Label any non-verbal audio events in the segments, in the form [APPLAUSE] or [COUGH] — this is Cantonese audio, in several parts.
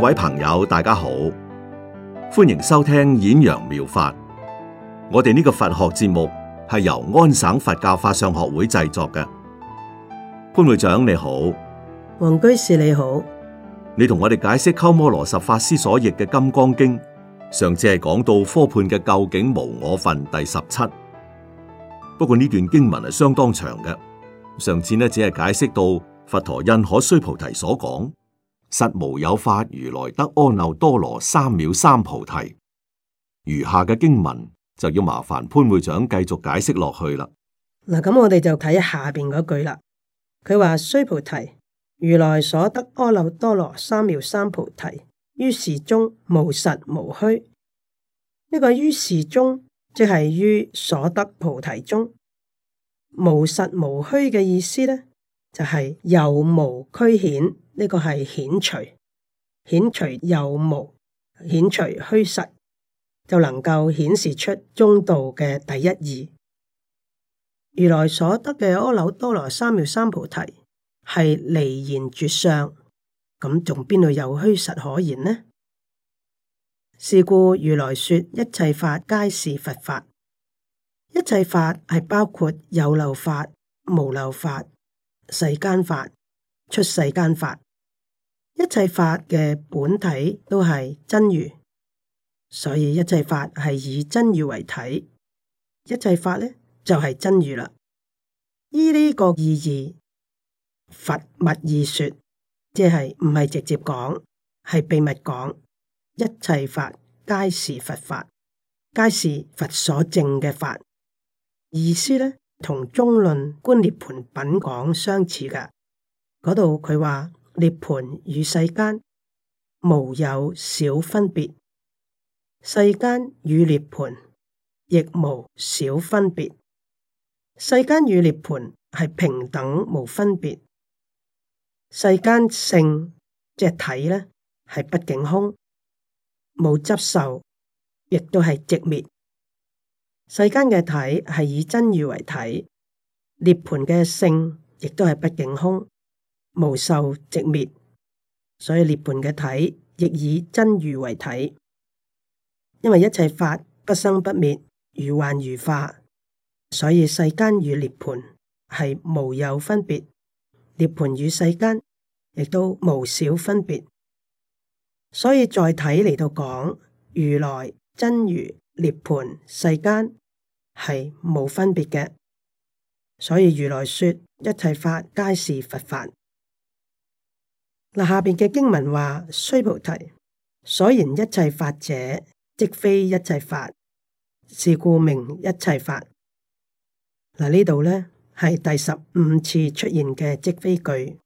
各位朋友，大家好，歡迎收聽演揚妙妙法。我哋呢個佛學節目係由安省佛教法相學會製作嘅。潘會長你好，黃居士你好，你同我哋解釋鳩摩羅什法師所譯嘅《金剛經》，上次係講到科判嘅究竟無我分第十七。不過呢段經文係相當長嘅，上次呢只係解釋到佛陀印可須菩提所講。實無有法如來得阿耨多羅三藐三菩提。餘下嘅經文就要麻煩潘會長繼續解釋落去啦。嗱，咁我哋就睇下邊嗰句啦。佢話須菩提，如來所得阿耨多羅三藐三菩提，於是中無實無虛。呢、這個於是中即係於所得菩提中無實無虛嘅意思咧，就係、是、有無虛顯。呢個係遣除，遣除有無，遣除虛實，就能夠顯示出中道嘅第一義。如來所得嘅阿耨多羅三藐三菩提，係離言絕相，咁仲邊度有虛實可言呢？是故如來說一切法皆是佛法，一切法係包括有漏法、無漏法、世間法、出世間法。一切法嘅本體都係真如，所以一切法係以真如為體。一切法咧就係、是、真如啦。依呢個意義，佛密意說，即係唔係直接講，係秘密講。一切法皆是佛法，皆是佛所證嘅法。意思咧同中論觀涅盤品講相似噶，嗰度佢話。涅槃與世間無有少分別，世間與涅槃亦無少分別，世間與涅槃係平等無分別。世間性即係體呢，係畢竟空，冇執受，亦都係寂滅。世間嘅體係以真如為體，涅槃嘅性亦都係畢竟空。無受直滅，所以涅盤嘅體亦以真如為體。因為一切法不生不滅，如幻如化，所以世間與涅盤係無有分別；涅盤與世間亦都無少分別。所以在體嚟到講如來真如涅盤世間係冇分別嘅，所以如來說一切法皆是佛法。嗱，下邊嘅經文話：須菩提，所言一切法者，即非一切法，是故名一切法。嗱，呢度咧係第十五次出現嘅即非句。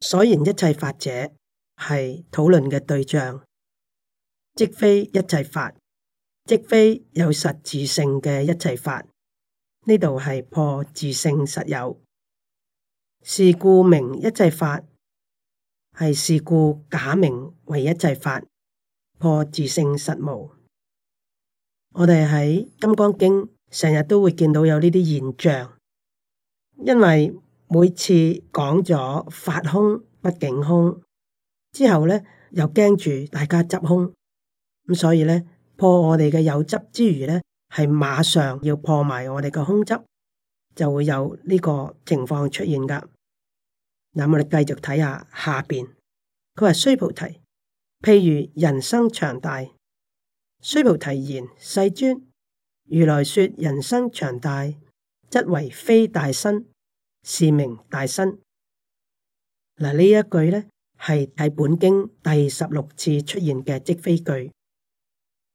所言一切法者，係討論嘅對象，即非一切法，即非有實自性嘅一切法。呢度係破自性實有。是故名一切法，係是故假名為一切法，破自性實無。我哋喺金剛經成日都會見到有呢啲現象，因為每次講咗法空不淨空之後呢，又驚住大家執空，咁所以呢，破我哋嘅有執之餘呢，係馬上要破埋我哋嘅空執。就會有呢個情況出現噶。咁我哋繼續睇下下邊，佢話須菩提，譬如人生長大，須菩提言：世尊，如來說人生長大，則為非大身，是名大身。嗱呢一句呢係喺本經第十六次出現嘅即非句。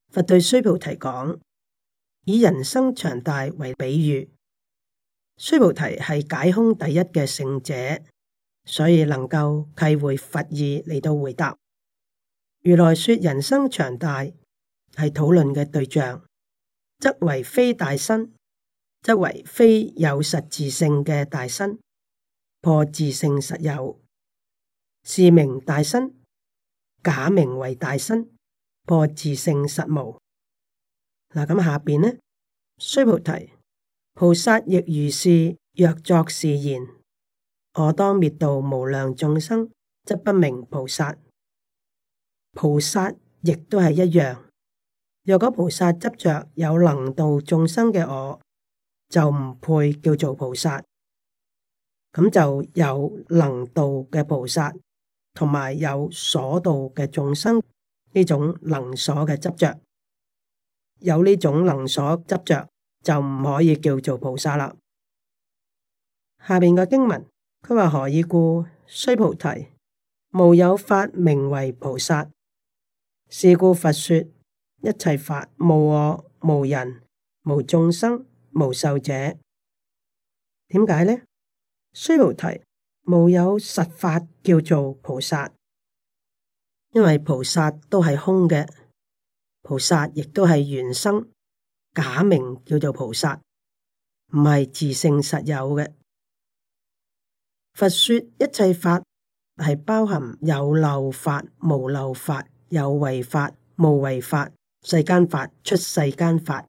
佛對須菩提講，以人生長大為比喻。須菩提係解空第一嘅聖者，所以能夠契會佛意嚟到回答。如來說人身長大係討論嘅對象，則為非大身，則為非有實自性嘅大身，破自性實有，是名大身，假名為大身，破自性實無。嗱，咁下邊呢？須菩提。菩薩亦如是，若作是言，我當滅度無量眾生，則不名菩薩。菩薩亦都係一樣。若果菩薩執着有能度眾生嘅我，就唔配叫做菩薩。咁就有能度嘅菩薩，同埋有所度嘅眾生。呢種能所嘅執着，有呢種能所執着就唔可以叫做菩薩喇。下面嘅經文，佢話何以故？須菩提，無有法名為菩薩。是故佛說一切法無我、無人、無眾生、無壽者。點解呢？須菩提，無有實法叫做菩薩，因為菩薩都係空嘅，菩薩亦都係原生。假名叫做菩薩，唔係自性實有嘅。佛說一切法，係包含有漏法、無漏法、有為法、無為法、世間法、出世間法，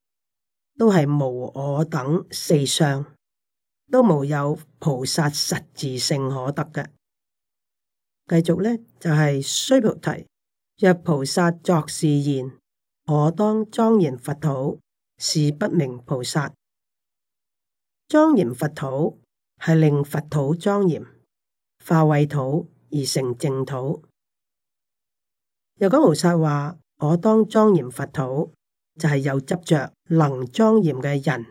都係無我等四相，都無有菩薩實自性可得嘅。繼續呢，就係須菩提，若菩薩作是言，我當莊嚴佛土。是不名菩薩莊嚴佛土，係令佛土莊嚴，化穢土而成淨土。又講菩薩話，我當莊嚴佛土，就係、是、有執着能莊嚴嘅人，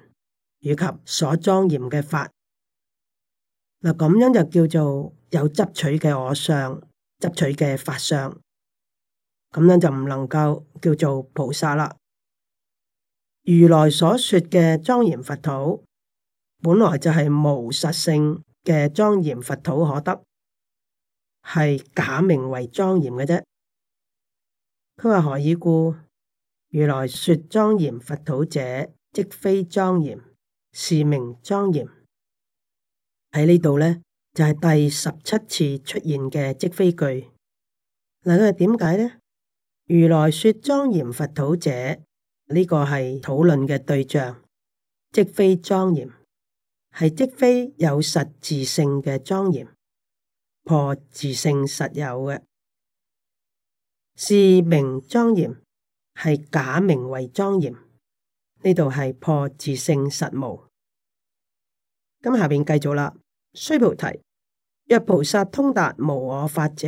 以及所莊嚴嘅法。嗱，咁樣就叫做有執取嘅我相，執取嘅法相，咁樣就唔能夠叫做菩薩啦。如來所說嘅莊嚴佛土，本來就係無實性嘅莊嚴佛土可得，係假名為莊嚴嘅啫。佢話何以故？如來說莊嚴佛土者，即非莊嚴，是名莊嚴。喺呢度咧，就係第十七次出現嘅即非句。嗱，佢話點解咧？如來說莊嚴佛土者。呢個係討論嘅對象，即非莊嚴，係即非有實自性嘅莊嚴，破自性實有嘅，是名莊嚴，係假名為莊嚴。呢度係破自性實無。咁下邊繼續啦。須菩提，若菩薩通達無我法者，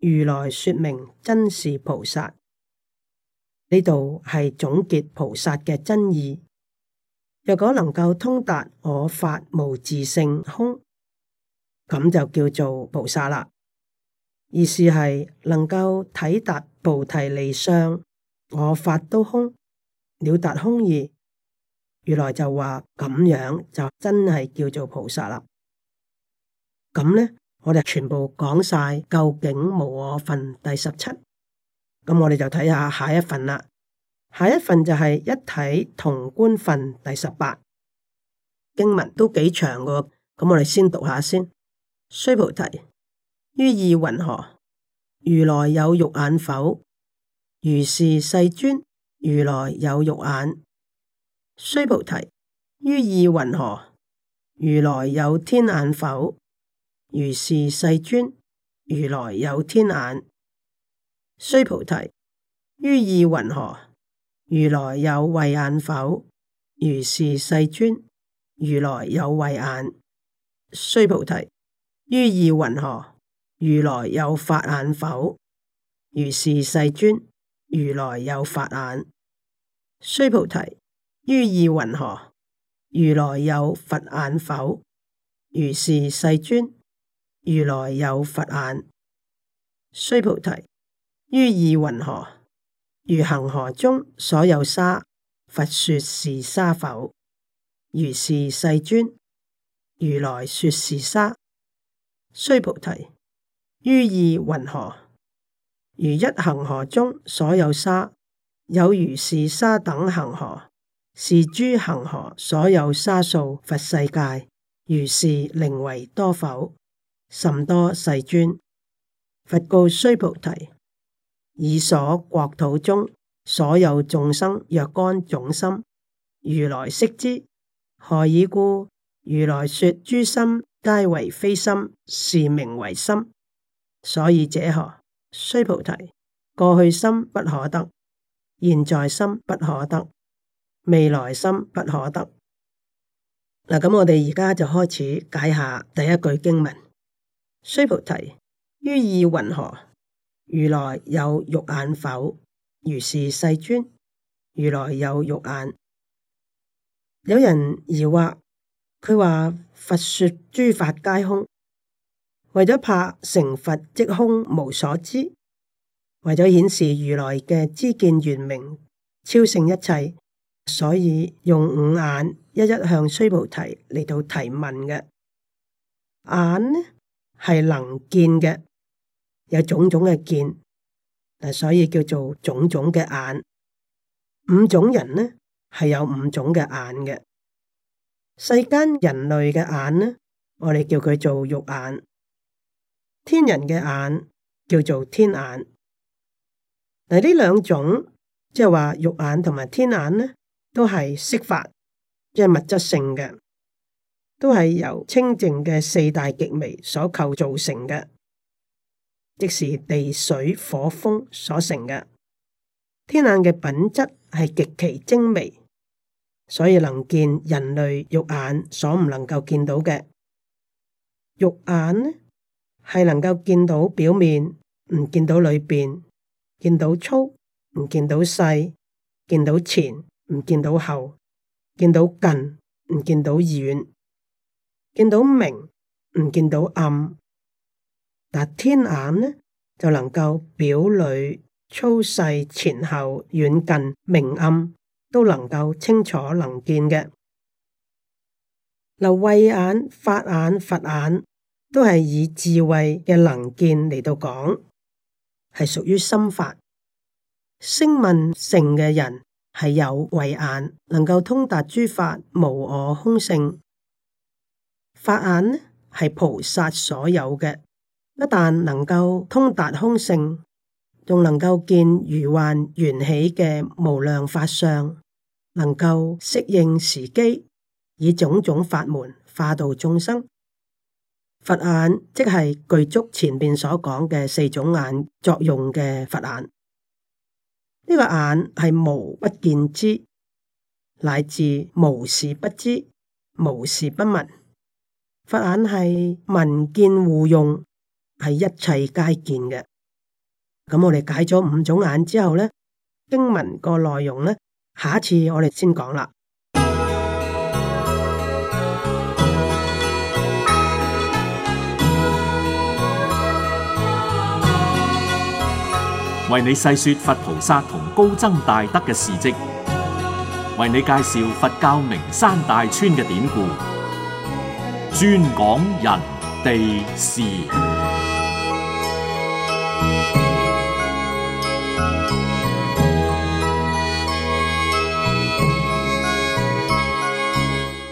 如來說明真是菩薩。呢度係總結菩薩嘅真意。若果能夠通達我法無自性空，咁就叫做菩薩啦。意思係能夠體達菩提離相，我法都空，了達空義，如來就話咁樣就真係叫做菩薩啦。咁呢，我哋全部講晒，究竟無我份，第十七。咁我哋就睇下下一份啦，下一份就係一體同觀分第十八，經文都幾長㗎，咁我哋先讀下先。須菩提，於意云何？如來有肉眼否？如是世尊，如來有肉眼。須菩提，於意云何？如來有天眼否？如是世尊，如來有天眼。須菩提，於意云何？如來有慧眼否？如是世尊，如來有慧眼。須菩提，於意云何？如來有法眼否？如是世尊，如來有法眼。須菩提，於意云何？如來有佛眼否？如是世尊，如來有佛眼。須菩提。於意云何？如恒河中所有沙，佛說是沙否？如是世尊。如來說是沙。須菩提，於意云何？如一恒河中所有沙，有如是沙等恒河，是諸恒河所有沙數佛世界，如是寧為多否？甚多世尊。佛告須菩提。以所國土中所有眾生若干種心，如來悉知。何以故？如來說諸心皆為非心，是名為心。所以者何？須菩提，過去心不可得，現在心不可得，未來心不可得。嗱，咁我哋而家就開始解下第一句經文。須菩提，於意云何？如來有肉眼否？如是世尊，如來有肉眼。有人疑惑，佢話佛說諸法皆空，為咗怕成佛即空無所知，為咗顯示如來嘅知見圓明，超勝一切，所以用五眼一一向須菩提嚟到提問嘅眼呢，係能見嘅。有種種嘅見，所以叫做種種嘅眼。五種人呢，係有五種嘅眼嘅。世間人類嘅眼呢，我哋叫佢做肉眼。天人嘅眼叫做天眼。嗱，呢兩種即係話肉眼同埋天眼呢，都係色法，即係物質性嘅，都係由清淨嘅四大極微所構造成嘅。即是地水火風所成嘅。天眼嘅品質係極其精微，所以能見人類肉眼所唔能夠見到嘅。肉眼呢係能夠見到表面，唔見到裏邊；見到粗，唔見到細；見到前，唔見到後；見到近，唔見到遠；見到明，唔見到暗。嗱，天眼呢就能夠表裏粗細前後遠近明暗都能夠清楚能見嘅。嗱，慧眼、法眼、佛眼都係以智慧嘅能見嚟到講，係屬於心法。聲聞聖嘅人係有慧眼，能夠通達諸法無我空性。法眼呢係菩薩所有嘅。不但能夠通達空性，仲能夠見如幻緣起嘅無量法相，能夠適應時機，以種種法門化度眾生。佛眼即係具足前面所講嘅四種眼作用嘅佛眼，呢、這個眼係無不見知，乃至無事不知，無事不聞。佛眼係聞見互用。係一切皆見嘅，咁我哋解咗五種眼之後呢，經文個內容呢，下一次我哋先講啦。為你細說佛菩薩同高僧大德嘅事跡，為你介紹佛教名山大川嘅典故，專講人地事。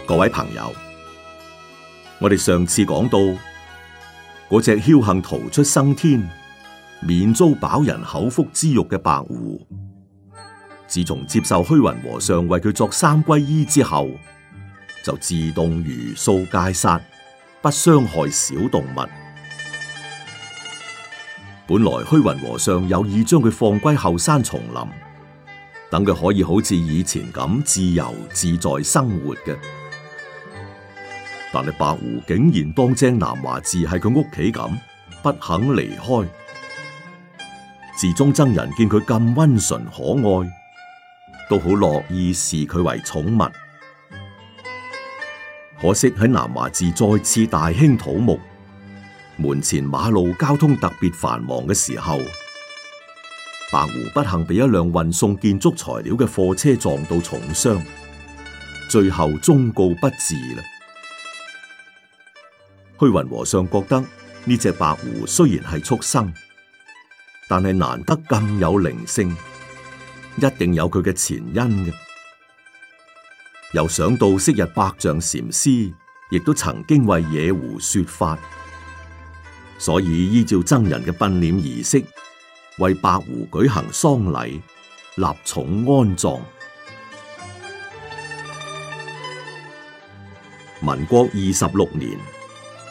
各位朋友，我哋上次講到嗰隻僥倖逃出生天、免遭飽人口腹之欲嘅白狐，自從接受虛雲和尚為佢作三皈依之後，就自動茹素戒殺，不傷害小動物。本來虛雲和尚有意將佢放歸後山叢林，等佢可以好似以前咁自由自在生活嘅。但係白狐竟然當正南華寺係佢屋企咁，不肯離開。寺中僧人見佢咁溫馴可愛，都好樂意視佢為寵物。可惜喺南華寺再次大興土木，門前馬路交通特別繁忙嘅時候，白狐不幸被一輛運送建築材料嘅貨車撞到重傷，最後終告不治。虛雲和尚覺得呢隻白狐雖然係畜生，但係難得咁有靈性，一定有佢嘅前因嘅。又想到昔日百丈禪師亦都曾經為野狐說法，所以依照僧人嘅殯殮儀式，為白狐舉行喪禮，立塚安葬。民國二十六年。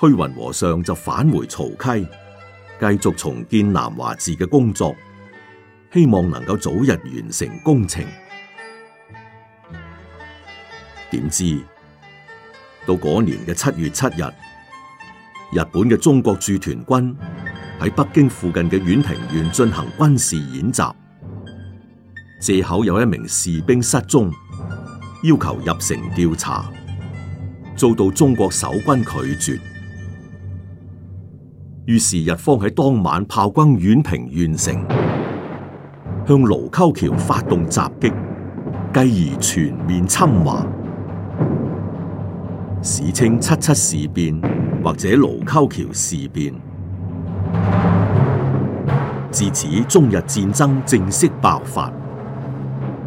虛雲和尚就返回曹溪，繼續重建南華寺嘅工作，希望能夠早日完成工程。點知到嗰年嘅七月七日，日本嘅中國駐屯軍喺北京附近嘅宛平縣進行軍事演習，借口有一名士兵失蹤，要求入城調查，遭到中國守軍拒絕。於是日方喺當晚炮轟宛平縣城，向盧溝橋發動襲擊，繼而全面侵華，史稱七七事變或者盧溝橋事變。至此，中日戰爭正式爆發，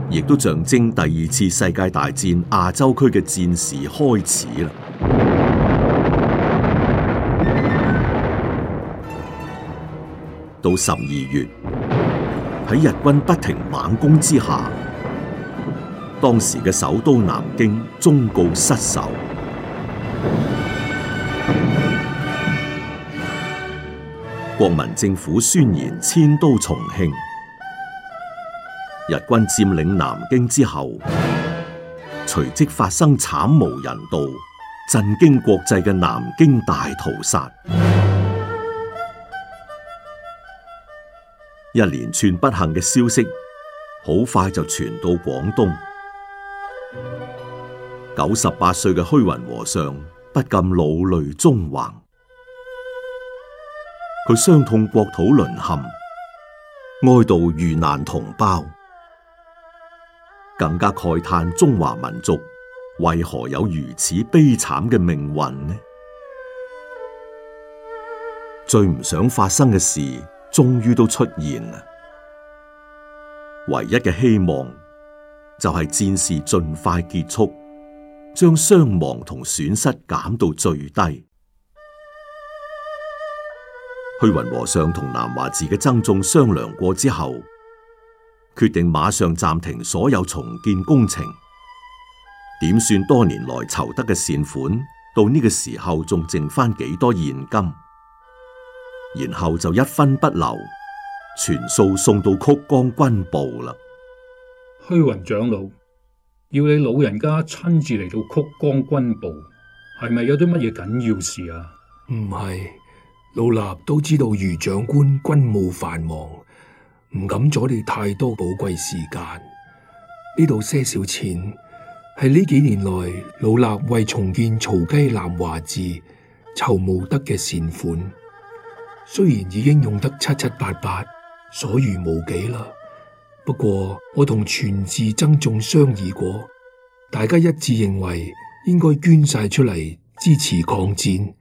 亦都象徵第二次世界大戰亞洲區嘅戰事開始啦。到十二月，喺日軍不停猛攻之下，當時嘅首都南京終告失守。國民政府宣言遷都重慶。日軍佔領南京之後，隨即發生慘無人道、震驚國際嘅南京大屠殺。一連串不幸嘅消息，好快就傳到廣東。九十八歲嘅虛雲和尚不禁老淚縱橫，佢傷痛國土淪陷，哀悼遇難同胞，更加慨嘆中華民族為何有如此悲慘嘅命運呢？最唔想發生嘅事，終於都出現啦！唯一嘅希望就係戰事盡快結束，將傷亡同損失減到最低。虛 [NOISE] 雲和尚同南華寺嘅僧眾商量過之後，決定馬上暫停所有重建工程。點算多年來籌得嘅善款，到呢個時候仲剩翻幾多現金？然後就一分不留，全數送到曲江軍部啦。虛雲長老，要你老人家親自嚟到曲江軍部，係咪有啲乜嘢緊要事啊？唔係，老衲都知道，余長官軍務繁忙，唔敢阻你太多寶貴時間。呢度些少錢係呢幾年來老衲為重建曹溪南華寺籌募得嘅善款。雖然已經用得七七八八，所餘無幾啦。不過我同全寺僧眾商議過，大家一致認為應該捐晒出嚟支持抗戰，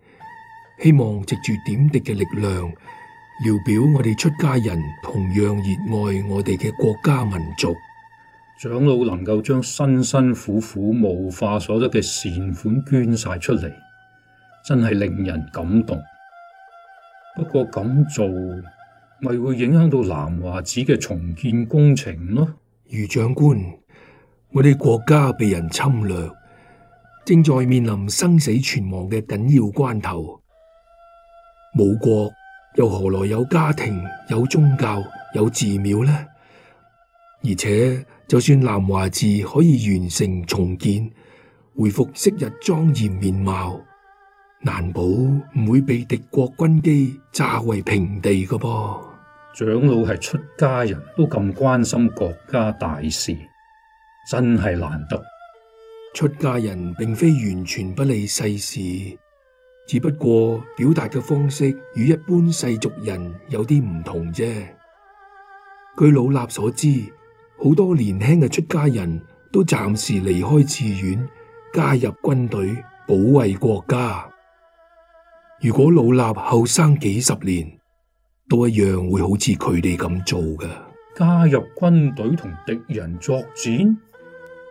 希望藉住點滴嘅力量，聊表我哋出家人同樣熱愛我哋嘅國家民族。長老能夠將辛辛苦苦募化所得嘅善款捐晒出嚟，真係令人感動。不過咁做，咪會影響到南華寺嘅重建工程咯。余長官，我哋國家被人侵略，正在面臨生死存亡嘅緊要關頭，冇國又何來有家庭、有宗教、有寺廟呢？而且就算南華寺可以完成重建，恢復昔日莊嚴面貌。難保唔會被敵國軍機炸為平地㗎噃。長老係出家人，都咁關心國家大事，真係難得。出家人並非完全不理世事，只不過表達嘅方式與一般世俗人有啲唔同啫。據老衲所知，好多年輕嘅出家人都暫時離開寺院，加入軍隊，保衛國家。如果老衲後生幾十年都一樣會好似佢哋咁做嘅，加入軍隊同敵人作戰。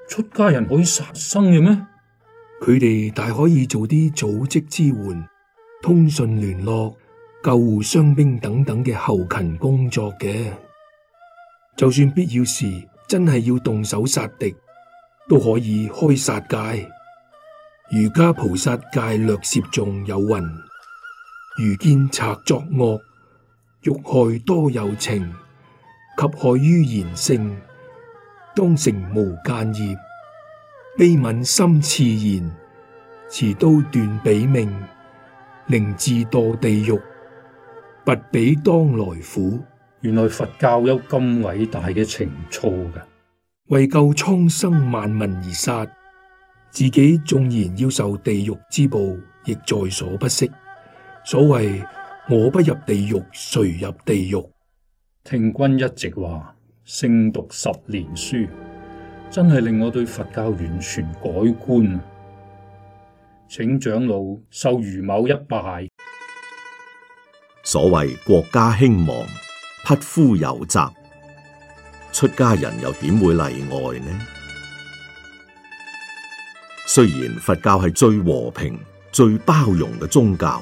出家人可以殺生嘅咩？佢哋大可以做啲組織支援、通訊聯絡、救護傷兵等等嘅後勤工作嘅。就算必要時真係要動手殺敵，都可以開殺戒。瑜伽菩薩戒略涉眾有云。如見賊作惡，欲害多有情，及害於言性，當成無間業，悲憫心熾然，持刀斷彼命，寧自墮地獄，拔彼當來苦。原來佛教有咁偉大嘅情操噶，為救蒼生萬民而殺，自己縱然要受地獄之報，亦在所不惜。所謂我不入地獄，誰入地獄？聽君一席話，勝讀十年書，真係令我對佛教完全改觀。請長老受余某一拜。所謂國家興亡，匹夫有責，出家人又點會例外呢？雖然佛教係最和平、最包容嘅宗教。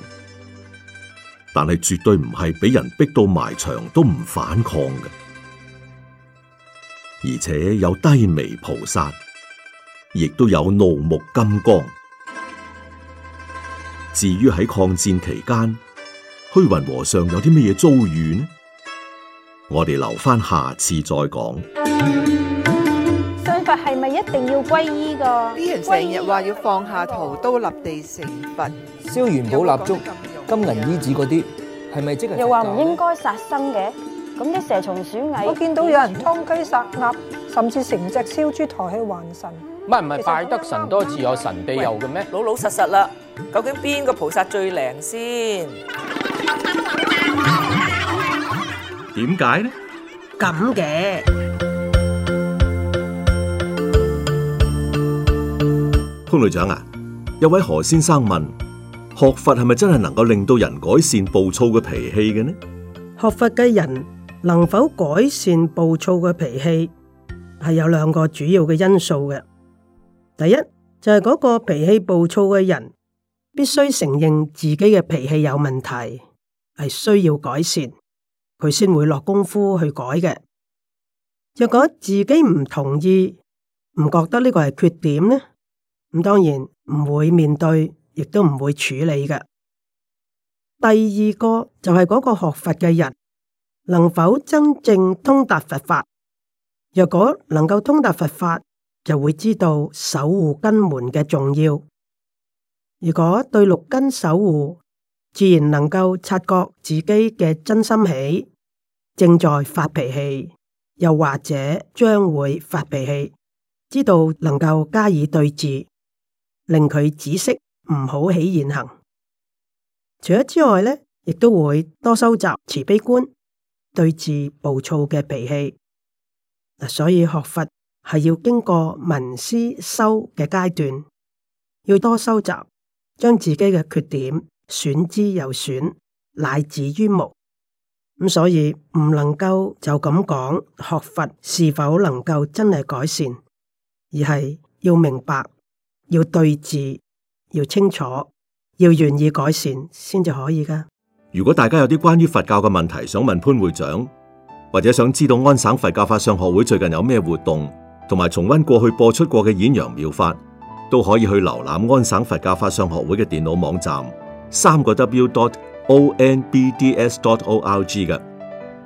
但係絕對唔係俾人逼到埋牆都唔反抗嘅，而且有低眉菩薩，亦都有怒目金剛。至於喺抗戰期間，虛雲和尚有啲咩嘢遭遇呢？我哋留翻下次再講。信佛係咪一定要皈依噶？啲人成日話要放下屠刀立地成佛，燒元寶蠟燭。金銀衣紙嗰啲係咪即係？又話唔應該殺生嘅，咁啲蛇蟲鼠蟻，我見到有人劏雞殺鴨，甚至成隻燒豬抬去還神。唔係唔係，拜得神多自有神庇佑嘅咩？老老實實啦，究竟邊個菩薩最靈先？點解呢？咁嘅，潘隊長啊，有位何先生問。學佛係咪真係能夠令到人改善暴躁嘅脾氣嘅呢？學佛嘅人能否改善暴躁嘅脾氣，係有兩個主要嘅因素嘅。第一就係嗰個脾氣暴躁嘅人必須承認自己嘅脾氣有問題，係需要改善，佢先會落功夫去改嘅。若果自己唔同意，唔覺得呢個係缺點呢，咁當然唔會面對。亦都唔會處理嘅。第二個就係嗰個學佛嘅人能否真正通達佛法？若果能夠通達佛法，就會知道守護根門嘅重要。如果對六根守護，自然能夠察覺自己嘅真心起正在發脾氣，又或者將會發脾氣，知道能夠加以對治，令佢止息。唔好起現行，除咗之外咧，亦都會多收集慈悲觀，對治暴躁嘅脾氣。嗱，所以學佛係要經過聞思修嘅階段，要多收集，將自己嘅缺點損之又損，乃至於無。咁所以唔能夠就咁講學佛是否能夠真係改善，而係要明白要對治。要清楚，要願意改善先至可以噶。如果大家有啲關於佛教嘅問題想問潘會長，或者想知道安省佛教法相學會最近有咩活動，同埋重溫過去播出過嘅演揚妙法，都可以去瀏覽安省佛教法相學會嘅電腦網站，三個 w.dot.o.n.b.d.s.dot.o.r.g 嘅。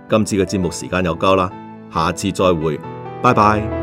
今次嘅節目時間又夠啦，下次再會，拜拜。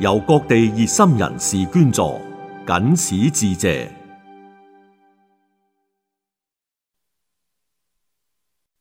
由各地熱心人士捐助，謹此致謝。